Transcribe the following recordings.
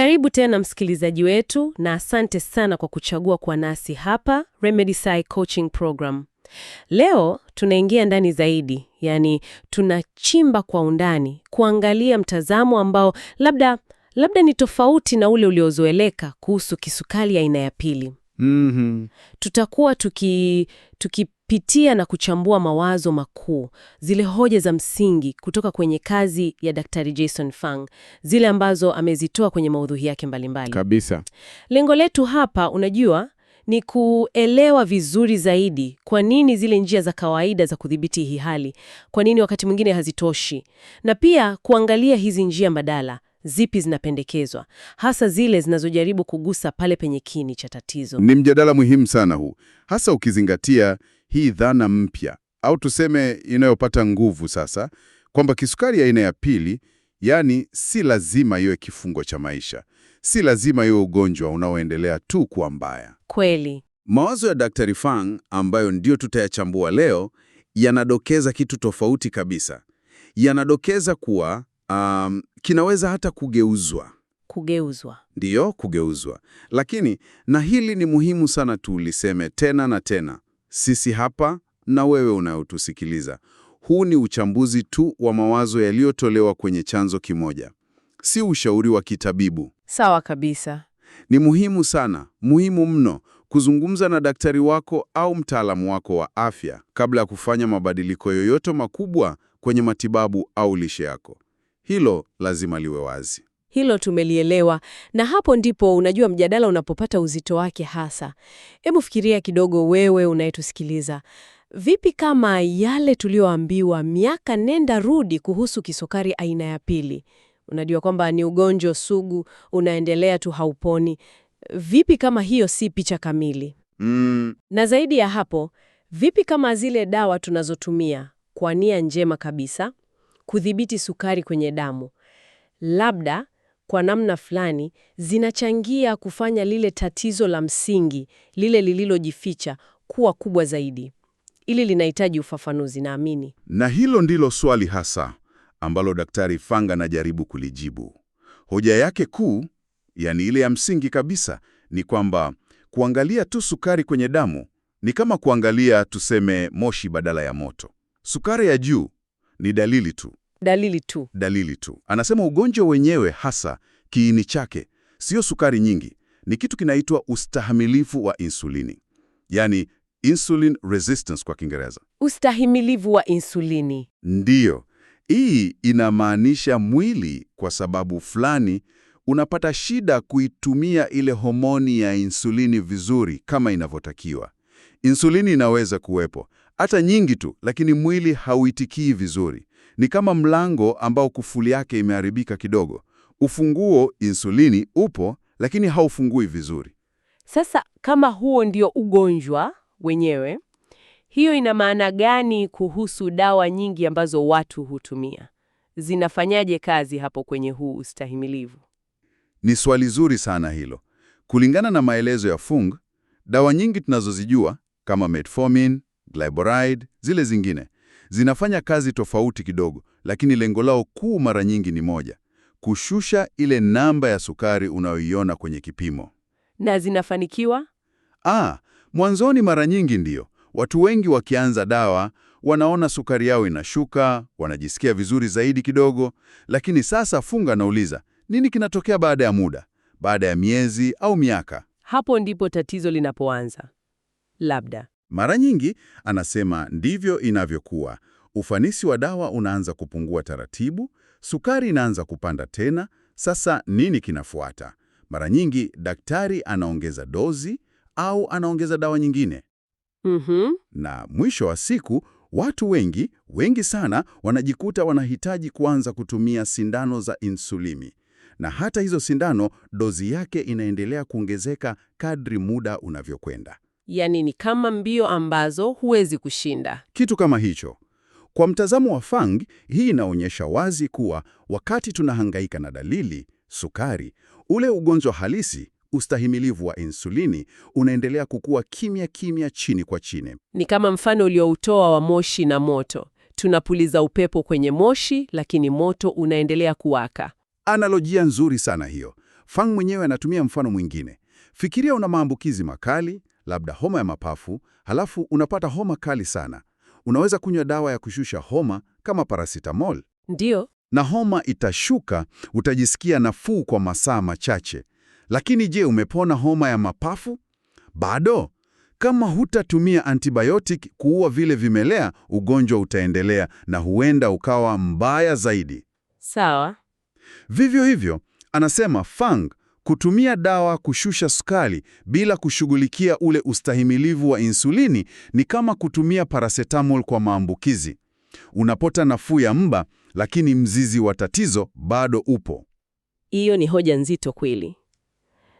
Karibu tena msikilizaji wetu, na asante sana kwa kuchagua kuwa nasi hapa Remediside Coaching Program. Leo tunaingia ndani zaidi, yani tunachimba kwa undani, kuangalia mtazamo ambao labda labda ni tofauti na ule uliozoeleka kuhusu kisukari aina ya pili mm -hmm. Tutakuwa tuki tukipitia na kuchambua mawazo makuu, zile hoja za msingi kutoka kwenye kazi ya Daktari Jason Fung, zile ambazo amezitoa kwenye maudhui yake mbalimbali kabisa. Lengo letu hapa, unajua ni kuelewa vizuri zaidi kwa nini zile njia za kawaida za kudhibiti hii hali, kwa nini wakati mwingine hazitoshi, na pia kuangalia hizi njia mbadala zipi zinapendekezwa, hasa zile zinazojaribu kugusa pale penye kini cha tatizo? Ni mjadala muhimu sana huu, hasa ukizingatia hii dhana mpya au tuseme inayopata nguvu sasa, kwamba kisukari aina ya, pili yaani si lazima iwe kifungo cha maisha, si lazima iwe ugonjwa unaoendelea tu kuwa mbaya. Kweli, mawazo ya Daktari Fang ambayo ndiyo tutayachambua leo yanadokeza kitu tofauti kabisa. Yanadokeza kuwa um, kinaweza hata kugeuzwa kugeuzwa ndiyo, kugeuzwa. Lakini na hili ni muhimu sana, tuliseme tena na tena, sisi hapa na wewe unayotusikiliza, huu ni uchambuzi tu wa mawazo yaliyotolewa kwenye chanzo kimoja, si ushauri wa kitabibu. Sawa kabisa. Ni muhimu sana, muhimu mno, kuzungumza na daktari wako au mtaalamu wako wa afya kabla ya kufanya mabadiliko yoyote makubwa kwenye matibabu au lishe yako. Hilo lazima liwe wazi. Hilo tumelielewa, na hapo ndipo unajua mjadala unapopata uzito wake hasa. Hebu fikiria kidogo, wewe unayetusikiliza, vipi kama yale tuliyoambiwa miaka nenda rudi kuhusu kisukari aina ya pili, unajua kwamba ni ugonjwa sugu unaendelea tu, hauponi. Vipi kama hiyo si picha kamili? Mm. Na zaidi ya hapo, vipi kama zile dawa tunazotumia kwa nia njema kabisa kudhibiti sukari kwenye damu, labda kwa namna fulani zinachangia kufanya lile tatizo la msingi, lile lililojificha kuwa kubwa zaidi. Ili linahitaji ufafanuzi, naamini. Na hilo ndilo swali hasa ambalo Daktari Fanga anajaribu kulijibu. Hoja yake kuu, yani ile ya msingi kabisa, ni kwamba kuangalia tu sukari kwenye damu ni kama kuangalia tuseme moshi badala ya moto. Sukari ya juu ni dalili tu, Dalili tu, dalili tu. Anasema ugonjwa wenyewe hasa kiini chake sio sukari nyingi, ni kitu kinaitwa ustahimilivu wa insulini, yani insulin resistance kwa Kiingereza. Ustahimilivu wa insulini, ndiyo hii. Inamaanisha mwili kwa sababu fulani unapata shida kuitumia ile homoni ya insulini vizuri kama inavyotakiwa. Insulini inaweza kuwepo hata nyingi tu, lakini mwili hauitikii vizuri. Ni kama mlango ambao kufuli yake imeharibika kidogo. Ufunguo, insulini, upo lakini haufungui vizuri. Sasa kama huo ndio ugonjwa wenyewe, hiyo ina maana gani kuhusu dawa nyingi ambazo watu hutumia? Zinafanyaje kazi hapo kwenye huu ustahimilivu? Ni swali zuri sana hilo. Kulingana na maelezo ya Fung, dawa nyingi tunazozijua kama metformin, glyburide, zile zingine zinafanya kazi tofauti kidogo, lakini lengo lao kuu mara nyingi ni moja: kushusha ile namba ya sukari unayoiona kwenye kipimo. Na zinafanikiwa? Ah, mwanzoni mara nyingi ndiyo. Watu wengi wakianza dawa wanaona sukari yao inashuka, wanajisikia vizuri zaidi kidogo, lakini sasa funga nauliza, nini kinatokea baada ya muda, baada ya miezi au miaka? Hapo ndipo tatizo linapoanza. Labda mara nyingi anasema ndivyo inavyokuwa. Ufanisi wa dawa unaanza kupungua taratibu, sukari inaanza kupanda tena. Sasa nini kinafuata? Mara nyingi daktari anaongeza dozi au anaongeza dawa nyingine. Mm -hmm. Na mwisho wa siku watu wengi wengi sana wanajikuta wanahitaji kuanza kutumia sindano za insulini, na hata hizo sindano dozi yake inaendelea kuongezeka kadri muda unavyokwenda yani ni kama mbio ambazo huwezi kushinda, kitu kama hicho. Kwa mtazamo wa Fang, hii inaonyesha wazi kuwa wakati tunahangaika na dalili sukari, ule ugonjwa halisi, ustahimilivu wa insulini unaendelea kukua kimya kimya, chini kwa chini. Ni kama mfano ulioutoa wa moshi na moto. Tunapuliza upepo kwenye moshi, lakini moto unaendelea kuwaka. Analojia nzuri sana hiyo. Fang mwenyewe anatumia mfano mwingine. Fikiria una maambukizi makali labda homa ya mapafu, halafu unapata homa kali sana, unaweza kunywa dawa ya kushusha homa kama paracetamol. Ndiyo. Na homa itashuka, utajisikia nafuu kwa masaa machache. Lakini je, umepona homa ya mapafu? Bado. Kama hutatumia antibiotic kuua vile vimelea, ugonjwa utaendelea na huenda ukawa mbaya zaidi. Sawa. Vivyo hivyo, anasema Fang Kutumia dawa kushusha sukari bila kushughulikia ule ustahimilivu wa insulini ni kama kutumia paracetamol kwa maambukizi. Unapota nafuu ya mba, lakini mzizi wa tatizo bado upo. Hiyo ni hoja nzito kweli.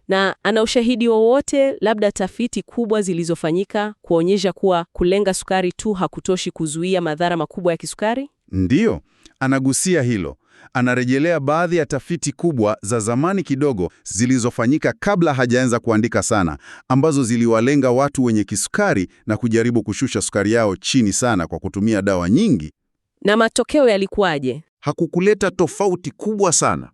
Na ana ushahidi wowote, labda tafiti kubwa zilizofanyika kuonyesha kuwa kulenga sukari tu hakutoshi kuzuia madhara makubwa ya kisukari? Ndiyo, anagusia hilo anarejelea baadhi ya tafiti kubwa za zamani kidogo zilizofanyika kabla hajaanza kuandika sana, ambazo ziliwalenga watu wenye kisukari na kujaribu kushusha sukari yao chini sana kwa kutumia dawa nyingi. Na matokeo yalikuwaje? Hakukuleta tofauti kubwa sana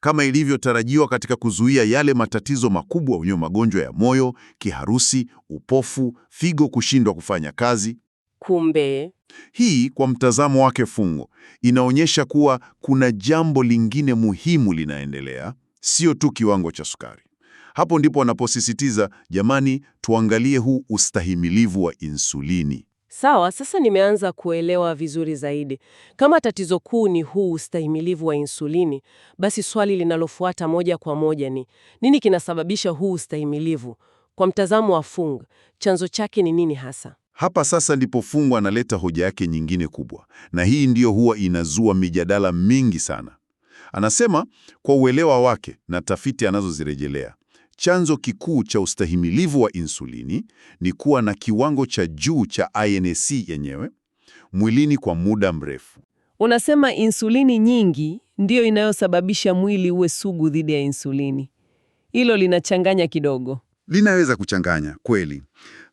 kama ilivyotarajiwa katika kuzuia yale matatizo makubwa unyo magonjwa ya moyo, kiharusi, upofu, figo kushindwa kufanya kazi. Kumbe hii, kwa mtazamo wake Fungo, inaonyesha kuwa kuna jambo lingine muhimu linaendelea, sio tu kiwango cha sukari. Hapo ndipo anaposisitiza, jamani, tuangalie huu ustahimilivu wa insulini. Sawa, sasa nimeanza kuelewa vizuri zaidi. Kama tatizo kuu ni huu ustahimilivu wa insulini, basi swali linalofuata moja kwa moja ni nini kinasababisha huu ustahimilivu? Kwa mtazamo wa Fung, chanzo chake ni nini hasa? Hapa sasa ndipo analeta hoja yake nyingine kubwa, na hii ndiyo huwa inazua mijadala mingi sana. Anasema kwa uelewa wake na tafiti anazozirejelea, chanzo kikuu cha ustahimilivu wa insulini ni kuwa na kiwango cha juu cha INAC yenyewe mwilini kwa muda mrefu. Unasema insulini nyingi ndiyo inayosababisha mwili uwe sugu dhidi ya insulini. Hilo linachanganya kidogo. Linaweza kuchanganya kweli.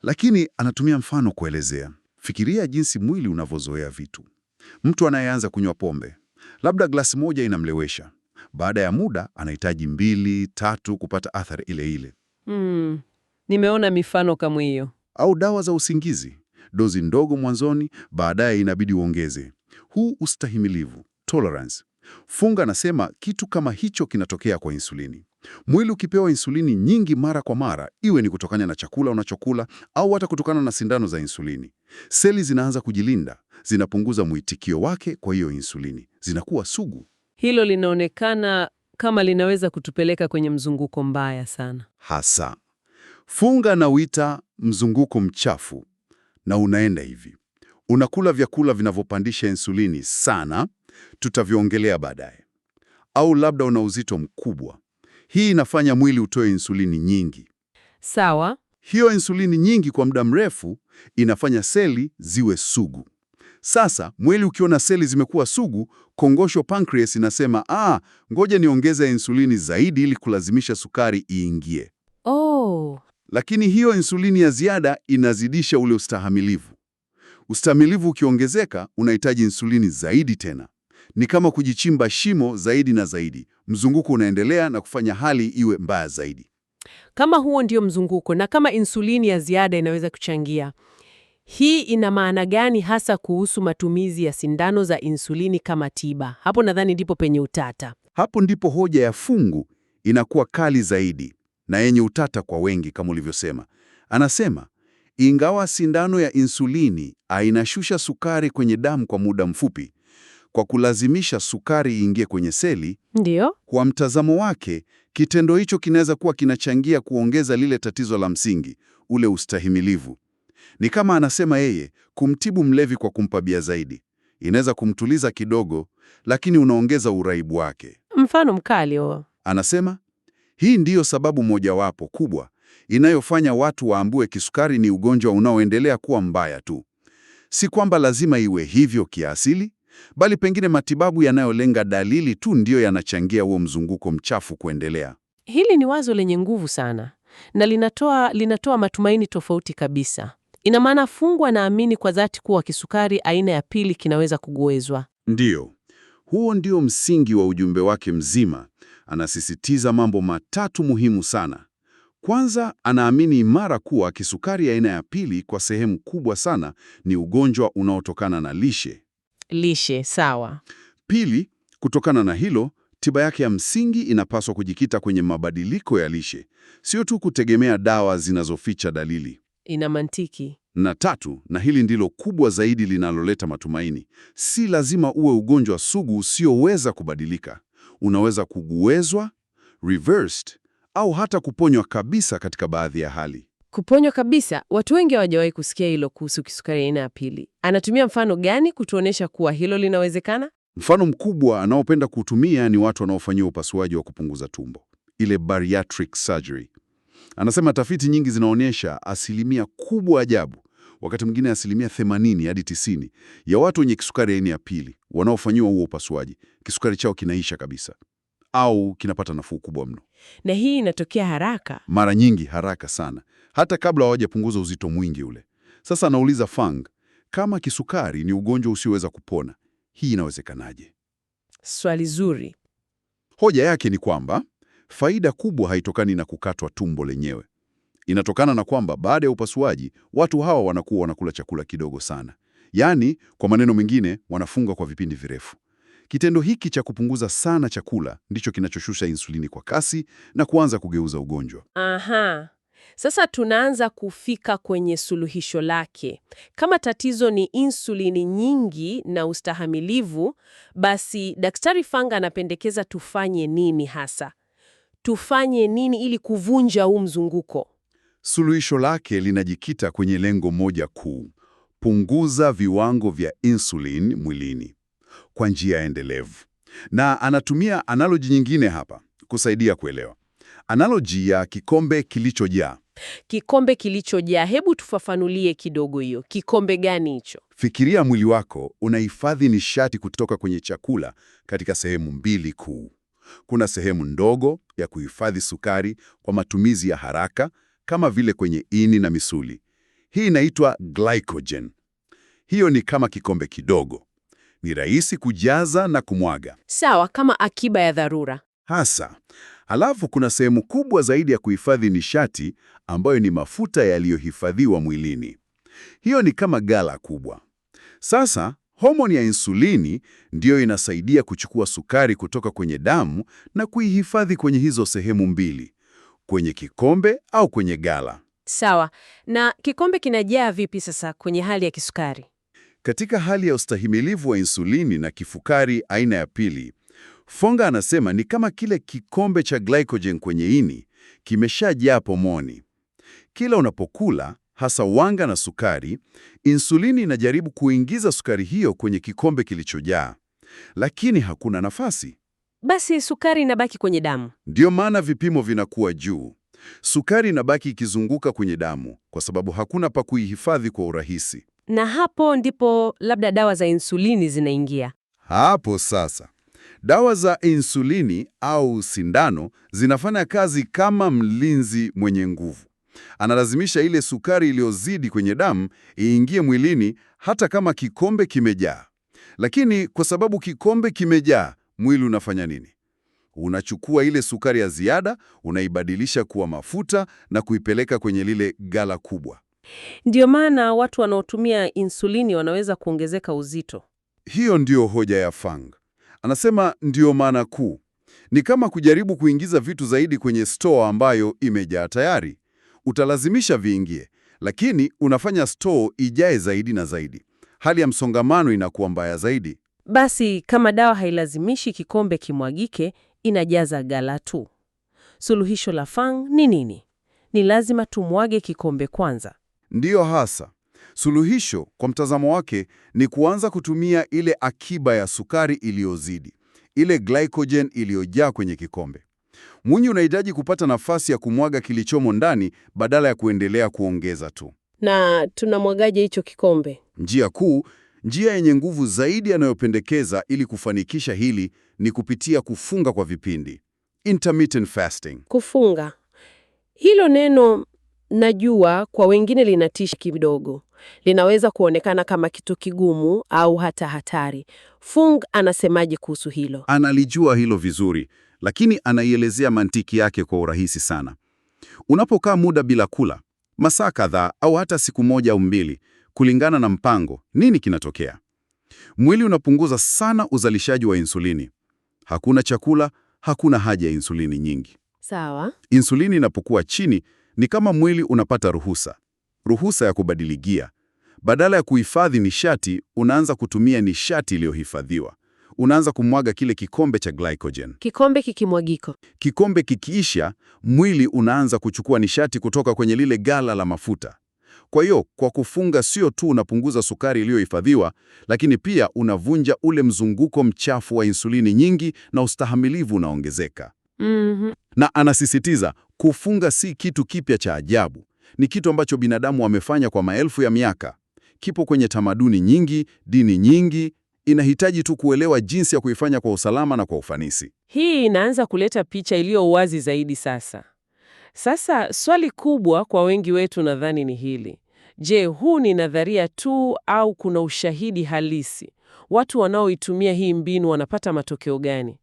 Lakini anatumia mfano kuelezea. Fikiria jinsi mwili unavyozoea vitu. Mtu anayeanza kunywa pombe, labda glasi moja inamlewesha. Baada ya muda anahitaji mbili, tatu kupata athari ile ile. Mm, nimeona mifano kama hiyo. Au dawa za usingizi, dozi ndogo mwanzoni, baadaye inabidi uongeze. Huu ustahimilivu, tolerance. Funga anasema kitu kama hicho kinatokea kwa insulini. Mwili ukipewa insulini nyingi mara kwa mara, iwe ni kutokana na chakula unachokula au hata kutokana na sindano za insulini, seli zinaanza kujilinda, zinapunguza mwitikio wake kwa hiyo insulini, zinakuwa sugu. Hilo linaonekana kama linaweza kutupeleka kwenye mzunguko mbaya sana. Hasa funga na wita mzunguko mchafu, na unaenda hivi: unakula vyakula vinavyopandisha insulini sana, tutavyoongelea baadaye, au labda una uzito mkubwa hii inafanya mwili utoe insulini nyingi. Sawa. Hiyo insulini nyingi kwa muda mrefu inafanya seli ziwe sugu. Sasa mwili ukiona seli zimekuwa sugu, kongosho pancreas inasema ah, ngoja niongeze insulini zaidi ili kulazimisha sukari iingie. Oh. Lakini hiyo insulini ya ziada inazidisha ule ustahamilivu. Ustahamilivu ukiongezeka, unahitaji insulini zaidi tena. Ni kama kujichimba shimo zaidi na zaidi. Mzunguko unaendelea na kufanya hali iwe mbaya zaidi. Kama huo ndio mzunguko na kama insulini ya ziada inaweza kuchangia, hii ina maana gani hasa kuhusu matumizi ya sindano za insulini kama tiba? Hapo nadhani ndipo penye utata. Hapo ndipo hoja ya Fungu inakuwa kali zaidi na yenye utata kwa wengi, kama ulivyosema. Anasema ingawa sindano ya insulini ainashusha sukari kwenye damu kwa muda mfupi, kwa kulazimisha sukari iingie kwenye seli. Ndiyo. Kwa mtazamo wake, kitendo hicho kinaweza kuwa kinachangia kuongeza lile tatizo la msingi, ule ustahimilivu. Ni kama anasema yeye, kumtibu mlevi kwa kumpa bia zaidi inaweza kumtuliza kidogo, lakini unaongeza uraibu wake. Mfano mkali huo. Anasema hii ndiyo sababu mojawapo kubwa inayofanya watu waambue kisukari ni ugonjwa unaoendelea kuwa mbaya tu. Si kwamba lazima iwe hivyo kiasili, bali pengine matibabu yanayolenga dalili tu ndiyo yanachangia huo mzunguko mchafu kuendelea. Hili ni wazo lenye nguvu sana na linatoa, linatoa matumaini tofauti kabisa. Ina maana Fungwa naamini kwa dhati kuwa kisukari aina ya pili kinaweza kugwezwa. Ndiyo, huo ndio msingi wa ujumbe wake mzima. Anasisitiza mambo matatu muhimu sana. Kwanza, anaamini imara kuwa kisukari aina ya pili kwa sehemu kubwa sana ni ugonjwa unaotokana na lishe lishe sawa. Pili, kutokana na hilo, tiba yake ya msingi inapaswa kujikita kwenye mabadiliko ya lishe, sio tu kutegemea dawa zinazoficha dalili. Ina mantiki. Na tatu, na hili ndilo kubwa zaidi linaloleta matumaini, si lazima uwe ugonjwa sugu usioweza kubadilika. Unaweza kuguezwa, reversed au hata kuponywa kabisa katika baadhi ya hali. Kuponywa kabisa, watu wengi hawajawahi kusikia hilo kuhusu kisukari aina ya pili. Anatumia mfano gani kutuonyesha kuwa hilo linawezekana? Mfano mkubwa anaopenda kuutumia ni watu wanaofanyiwa upasuaji wa kupunguza tumbo, ile bariatric surgery. Anasema tafiti nyingi zinaonyesha asilimia kubwa, ajabu, wakati mwingine asilimia 80 hadi 90 ya watu wenye kisukari aina ya pili wanaofanyiwa huo upasuaji, kisukari chao kinaisha kabisa au kinapata nafuu kubwa mno, na hii inatokea haraka, mara nyingi haraka sana hata kabla hawajapunguza uzito mwingi ule. Sasa anauliza Fang, kama kisukari ni ugonjwa usioweza kupona, hii inawezekanaje? Swali zuri. Hoja yake ni kwamba faida kubwa haitokani na kukatwa tumbo lenyewe. Inatokana na kwamba baada ya upasuaji watu hawa wanakuwa wanakula chakula kidogo sana, yaani kwa maneno mengine, wanafunga kwa vipindi virefu. Kitendo hiki cha kupunguza sana chakula ndicho kinachoshusha insulini kwa kasi na kuanza kugeuza ugonjwa. Aha. Sasa tunaanza kufika kwenye suluhisho lake. Kama tatizo ni insulini nyingi na ustahamilivu, basi Daktari Fanga anapendekeza tufanye nini hasa? Tufanye nini ili kuvunja huu mzunguko? Suluhisho lake linajikita kwenye lengo moja kuu: punguza viwango vya insulin mwilini kwa njia endelevu, na anatumia analoji nyingine hapa kusaidia kuelewa analoji ya kikombe kilichojaa. Kikombe kilichojaa, hebu tufafanulie kidogo hiyo. Kikombe gani hicho? Fikiria mwili wako unahifadhi nishati kutoka kwenye chakula katika sehemu mbili kuu. Kuna sehemu ndogo ya kuhifadhi sukari kwa matumizi ya haraka kama vile kwenye ini na misuli. Hii inaitwa glycogen. Hiyo ni kama kikombe kidogo, ni rahisi kujaza na kumwaga, sawa kama akiba ya dharura hasa Halafu kuna sehemu kubwa zaidi ya kuhifadhi nishati ambayo ni mafuta yaliyohifadhiwa mwilini. Hiyo ni kama gala kubwa. Sasa homoni ya insulini ndiyo inasaidia kuchukua sukari kutoka kwenye damu na kuihifadhi kwenye hizo sehemu mbili, kwenye kikombe au kwenye gala. Sawa. Na kikombe kinajaa vipi sasa kwenye hali ya kisukari? Katika hali ya ustahimilivu wa insulini na kifukari aina ya pili, Fonga anasema ni kama kile kikombe cha glycogen kwenye ini kimeshajaa pomoni. Kila unapokula hasa wanga na sukari, insulini inajaribu kuingiza sukari hiyo kwenye kikombe kilichojaa, lakini hakuna nafasi. Basi sukari inabaki kwenye damu. Ndiyo maana vipimo vinakuwa juu. Sukari inabaki ikizunguka kwenye damu kwa sababu hakuna pa kuihifadhi kwa urahisi, na hapo ndipo labda dawa za insulini zinaingia hapo sasa Dawa za insulini au sindano zinafanya kazi kama mlinzi mwenye nguvu. Analazimisha ile sukari iliyozidi kwenye damu iingie mwilini hata kama kikombe kimejaa. Lakini kwa sababu kikombe kimejaa, mwili unafanya nini? Unachukua ile sukari ya ziada, unaibadilisha kuwa mafuta na kuipeleka kwenye lile gala kubwa. Ndiyo maana watu wanaotumia insulini wanaweza kuongezeka uzito. Hiyo ndiyo hoja ya fang Anasema ndiyo maana kuu ni kama kujaribu kuingiza vitu zaidi kwenye store ambayo imejaa tayari. Utalazimisha viingie, lakini unafanya store ijae zaidi na zaidi. Hali ya msongamano inakuwa mbaya zaidi. Basi kama dawa hailazimishi kikombe kimwagike, inajaza gala tu. Suluhisho la Fang ni nini? Ni lazima tumwage kikombe kwanza. Ndiyo hasa. Suluhisho kwa mtazamo wake ni kuanza kutumia ile akiba ya sukari iliyozidi, ile glycogen iliyojaa kwenye kikombe. Mwinyi unahitaji kupata nafasi ya kumwaga kilichomo ndani badala ya kuendelea kuongeza tu. Na tunamwagaje hicho kikombe? Njia kuu, njia yenye nguvu zaidi anayopendekeza ili kufanikisha hili ni kupitia kufunga kwa vipindi, intermittent fasting. Kufunga hilo neno Najua kwa wengine linatisha kidogo, linaweza kuonekana kama kitu kigumu au hata hatari. Fung anasemaje kuhusu hilo? Analijua hilo vizuri, lakini anaielezea mantiki yake kwa urahisi sana. Unapokaa muda bila kula, masaa kadhaa au hata siku moja au mbili, kulingana na mpango, nini kinatokea? Mwili unapunguza sana uzalishaji wa insulini. Hakuna chakula, hakuna haja ya insulini nyingi. Sawa. Insulini inapokuwa chini ni kama mwili unapata ruhusa, ruhusa ya kubadilikia. Badala ya kuhifadhi nishati, unaanza kutumia nishati iliyohifadhiwa. Unaanza kumwaga kile kikombe cha glycogen. Kikombe kikimwagiko, kikombe kikiisha, mwili unaanza kuchukua nishati kutoka kwenye lile gala la mafuta. Kwa hiyo kwa kufunga, sio tu unapunguza sukari iliyohifadhiwa, lakini pia unavunja ule mzunguko mchafu wa insulini nyingi na ustahamilivu unaongezeka mm -hmm. Na anasisitiza kufunga si kitu kipya cha ajabu, ni kitu ambacho binadamu wamefanya kwa maelfu ya miaka. Kipo kwenye tamaduni nyingi, dini nyingi, inahitaji tu kuelewa jinsi ya kuifanya kwa usalama na kwa ufanisi. Hii inaanza kuleta picha iliyo wazi zaidi sasa. Sasa swali kubwa kwa wengi wetu nadhani ni hili: je, huu ni nadharia tu au kuna ushahidi halisi? Watu wanaoitumia hii mbinu wanapata matokeo gani?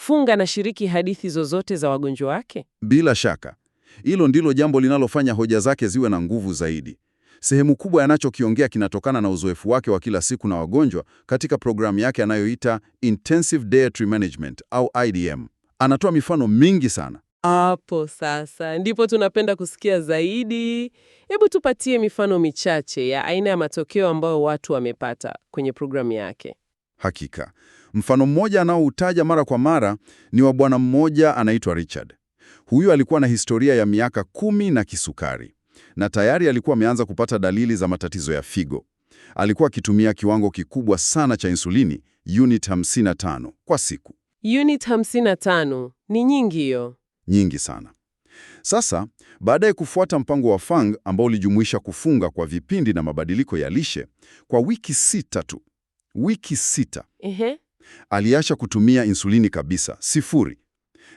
funga na shiriki hadithi zozote za wagonjwa wake? Bila shaka, hilo ndilo jambo linalofanya hoja zake ziwe na nguvu zaidi. Sehemu kubwa yanachokiongea kinatokana na uzoefu wake wa kila siku na wagonjwa katika programu yake anayoita Intensive Dietary Management au IDM. Anatoa mifano mingi sana. Hapo sasa ndipo tunapenda kusikia zaidi. Hebu tupatie mifano michache ya aina ya matokeo ambayo watu wamepata kwenye programu yake. Hakika. Mfano mmoja anaoutaja mara kwa mara ni wa bwana mmoja anaitwa Richard. Huyu alikuwa na historia ya miaka kumi na kisukari na tayari alikuwa ameanza kupata dalili za matatizo ya figo. Alikuwa akitumia kiwango kikubwa sana cha insulini, unit 55 kwa siku. Unit 55 ni nyingi hiyo, nyingi sana. Sasa baada ya kufuata mpango wa Fang ambao ulijumuisha kufunga kwa vipindi na mabadiliko ya lishe kwa wiki sita tu, wiki sita. Ehe. Aliacha kutumia insulini kabisa, sifuri.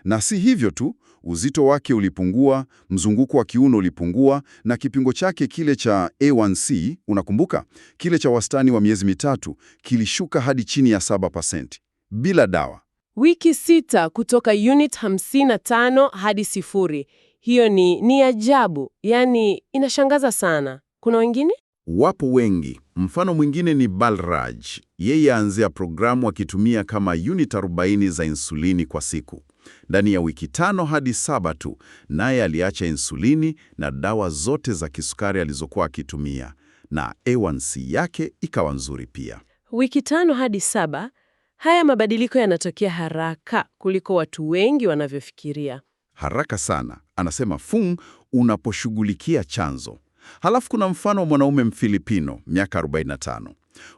Na si hivyo tu, uzito wake ulipungua, mzunguko wa kiuno ulipungua, na kipingo chake kile cha A1C, unakumbuka kile cha wastani wa miezi mitatu, kilishuka hadi chini ya 7% bila dawa. Wiki sita kutoka unit 55 hadi sifuri. Hiyo ni ni ajabu, yaani inashangaza sana. Kuna wengine? Wapo wengi. Mfano mwingine ni Balraj, yeye aanzia programu akitumia kama unit 40 za insulini kwa siku. Ndani ya wiki tano hadi saba tu, naye aliacha insulini na dawa zote za kisukari alizokuwa akitumia, na A1C yake ikawa nzuri pia. Wiki tano hadi saba. Haya mabadiliko yanatokea haraka kuliko watu wengi wanavyofikiria. Haraka sana, anasema Fung, unaposhughulikia chanzo. Halafu kuna mfano wa mwanaume Mfilipino, miaka 45.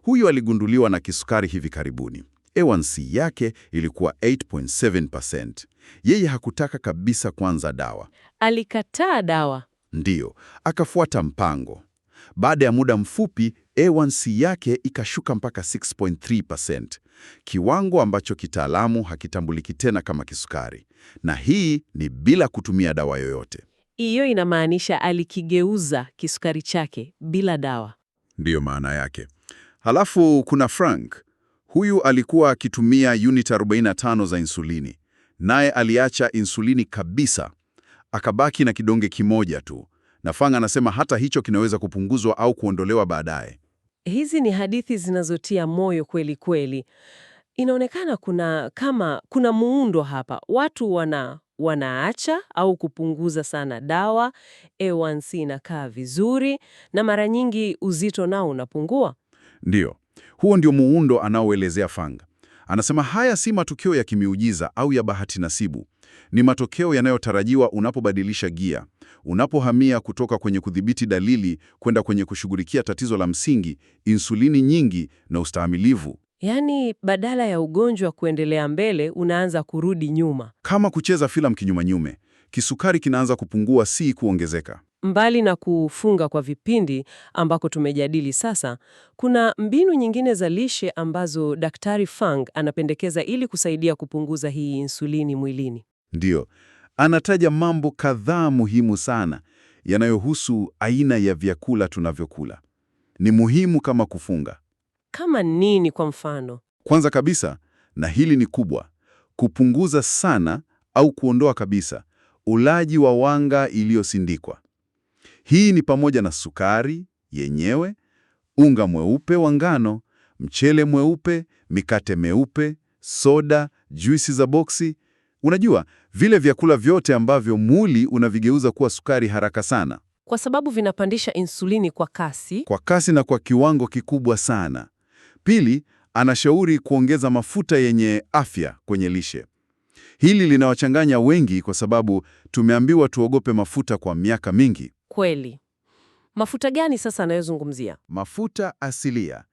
Huyu aligunduliwa na kisukari hivi karibuni. A1C yake ilikuwa 8.7%. Yeye hakutaka kabisa kwanza dawa. Alikataa dawa. Ndiyo, akafuata mpango. Baada ya muda mfupi, A1C yake ikashuka mpaka 6.3%, kiwango ambacho kitaalamu hakitambuliki tena kama kisukari. Na hii ni bila kutumia dawa yoyote. Hiyo inamaanisha alikigeuza kisukari chake bila dawa. Ndiyo maana yake. Halafu kuna Frank. Huyu alikuwa akitumia unit 45 za insulini, naye aliacha insulini kabisa, akabaki na kidonge kimoja tu. Na Fang anasema hata hicho kinaweza kupunguzwa au kuondolewa baadaye. Hizi ni hadithi zinazotia moyo kweli kweli. Inaonekana kuna kama kuna muundo hapa, watu wana wanaacha au kupunguza sana dawa, A1C inakaa vizuri na mara nyingi uzito nao unapungua. Ndiyo, huo ndio muundo anaoelezea Fang. Anasema haya si matokeo ya kimiujiza au ya bahati nasibu. Ni matokeo yanayotarajiwa unapobadilisha gia, unapohamia kutoka kwenye kudhibiti dalili kwenda kwenye kushughulikia tatizo la msingi, insulini nyingi na ustahimilivu. Yaani badala ya ugonjwa kuendelea mbele unaanza kurudi nyuma, kama kucheza filamu kinyumanyume. Kisukari kinaanza kupungua, si kuongezeka. Mbali na kufunga kwa vipindi ambako tumejadili sasa, kuna mbinu nyingine za lishe ambazo Daktari Fang anapendekeza ili kusaidia kupunguza hii insulini mwilini. Ndiyo, anataja mambo kadhaa muhimu sana yanayohusu aina ya vyakula tunavyokula. Ni muhimu kama kufunga kama nini kwa mfano? Kwanza kabisa, na hili ni kubwa, kupunguza sana au kuondoa kabisa ulaji wa wanga iliyosindikwa. Hii ni pamoja na sukari yenyewe, unga mweupe wa ngano, mchele mweupe, mikate meupe, soda, juisi za boksi. Unajua, vile vyakula vyote ambavyo mwili unavigeuza kuwa sukari haraka sana, kwa sababu vinapandisha insulini kwa kasi, kwa kasi na kwa kiwango kikubwa sana. Pili, anashauri kuongeza mafuta yenye afya kwenye lishe. Hili linawachanganya wengi kwa sababu tumeambiwa tuogope mafuta kwa miaka mingi. Kweli. Mafuta gani sasa anayozungumzia? Mafuta asilia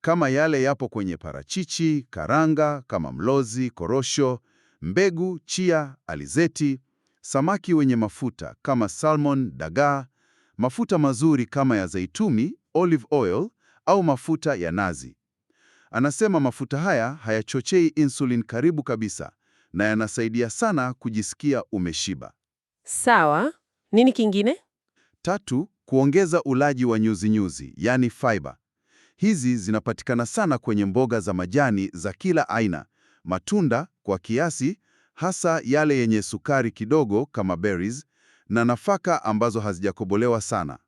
kama yale yapo kwenye parachichi, karanga kama mlozi, korosho, mbegu, chia, alizeti, samaki wenye mafuta kama salmon, dagaa, mafuta mazuri kama ya zaituni, olive oil au mafuta ya nazi. Anasema mafuta haya hayachochei insulin karibu kabisa na yanasaidia sana kujisikia umeshiba. Sawa. Nini kingine? Tatu, kuongeza ulaji wa nyuzinyuzi, yani fiber. Hizi zinapatikana sana kwenye mboga za majani za kila aina, matunda kwa kiasi, hasa yale yenye sukari kidogo kama berries, na nafaka ambazo hazijakobolewa sana.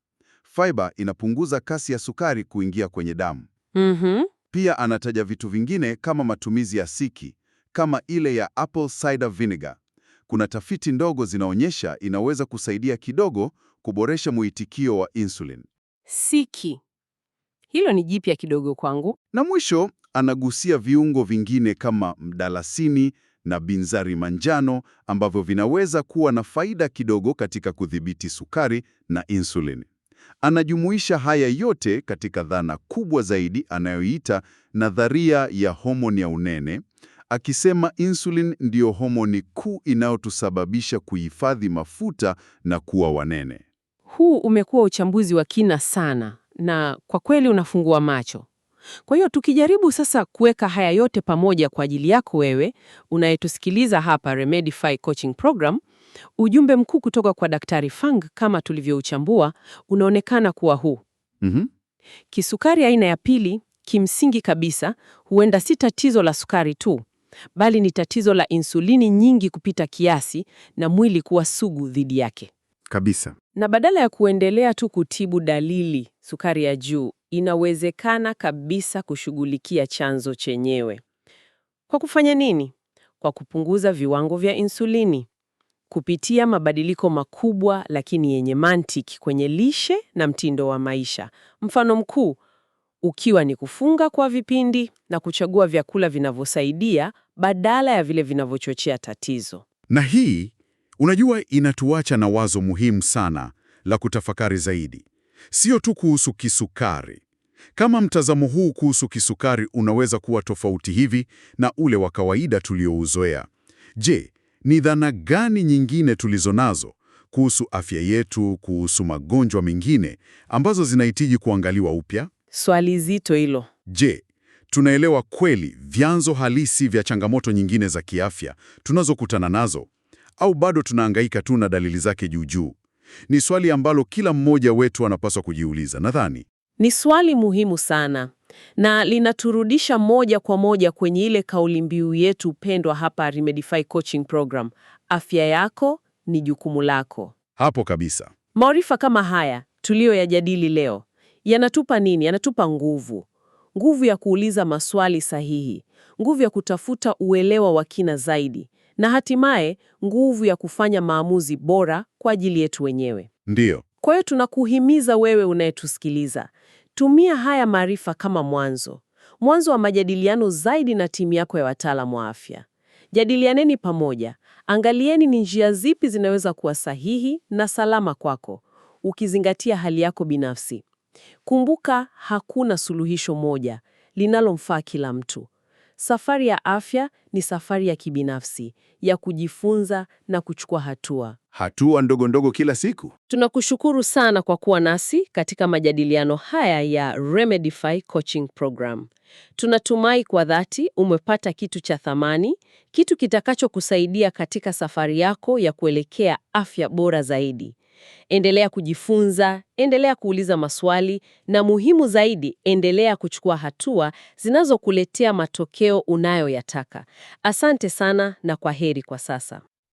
Fiber inapunguza kasi ya sukari kuingia kwenye damu. Mm-hmm. Pia anataja vitu vingine kama matumizi ya siki, kama ile ya apple cider vinegar. Kuna tafiti ndogo zinaonyesha inaweza kusaidia kidogo kuboresha mwitikio wa insulin. Siki. Hilo ni jipya kidogo kwangu. Na mwisho anagusia viungo vingine kama mdalasini na binzari manjano ambavyo vinaweza kuwa na faida kidogo katika kudhibiti sukari na insulin. Anajumuisha haya yote katika dhana kubwa zaidi anayoita nadharia ya homoni ya unene, akisema insulin ndiyo homoni kuu inayotusababisha kuhifadhi mafuta na kuwa wanene. Huu umekuwa uchambuzi wa kina sana na kwa kweli unafungua macho. Kwa hiyo tukijaribu sasa kuweka haya yote pamoja kwa ajili yako wewe unayetusikiliza hapa Remedify Coaching Program, Ujumbe mkuu kutoka kwa Daktari Fang kama tulivyouchambua unaonekana kuwa huu. Mm -hmm. Kisukari aina ya pili kimsingi kabisa huenda si tatizo la sukari tu, bali ni tatizo la insulini nyingi kupita kiasi na mwili kuwa sugu dhidi yake. Kabisa. Na badala ya kuendelea tu kutibu dalili sukari ya juu, inawezekana kabisa kushughulikia chanzo chenyewe. Kwa kufanya nini? Kwa kupunguza viwango vya insulini kupitia mabadiliko makubwa lakini yenye mantiki kwenye lishe na mtindo wa maisha. Mfano mkuu ukiwa ni kufunga kwa vipindi na kuchagua vyakula vinavyosaidia badala ya vile vinavyochochea tatizo. Na hii unajua, inatuacha na wazo muhimu sana la kutafakari zaidi, sio tu kuhusu kisukari. Kama mtazamo huu kuhusu kisukari unaweza kuwa tofauti hivi na ule wa kawaida tuliouzoea, je, ni dhana gani nyingine tulizo nazo kuhusu afya yetu, kuhusu magonjwa mengine ambazo zinahitaji kuangaliwa upya? Swali zito hilo. Je, tunaelewa kweli vyanzo halisi vya changamoto nyingine za kiafya tunazokutana nazo au bado tunahangaika tu na dalili zake juu juu? Ni swali ambalo kila mmoja wetu anapaswa kujiuliza, nadhani. Ni swali muhimu sana na linaturudisha moja kwa moja kwenye ile kauli mbiu yetu pendwa hapa Remedify Coaching Program, afya yako ni jukumu lako. Hapo kabisa. Maarifa kama haya tuliyoyajadili leo yanatupa nini? Yanatupa nguvu, nguvu ya kuuliza maswali sahihi, nguvu ya kutafuta uelewa wa kina zaidi, na hatimaye nguvu ya kufanya maamuzi bora kwa ajili yetu wenyewe. Ndiyo. Kwa hiyo tunakuhimiza wewe unayetusikiliza Tumia haya maarifa kama mwanzo, mwanzo wa majadiliano zaidi na timu yako ya wataalamu wa afya. Jadilianeni pamoja, angalieni ni njia zipi zinaweza kuwa sahihi na salama kwako, ukizingatia hali yako binafsi. Kumbuka, hakuna suluhisho moja linalomfaa kila mtu. Safari ya afya ni safari ya kibinafsi ya kujifunza na kuchukua hatua hatua ndogo ndogo kila siku. Tunakushukuru sana kwa kuwa nasi katika majadiliano haya ya Remedify Coaching Program. Tunatumai kwa dhati umepata kitu cha thamani, kitu kitakachokusaidia katika safari yako ya kuelekea afya bora zaidi. Endelea kujifunza, endelea kuuliza maswali na muhimu zaidi, endelea kuchukua hatua zinazokuletea matokeo unayoyataka. Asante sana na kwaheri kwa sasa.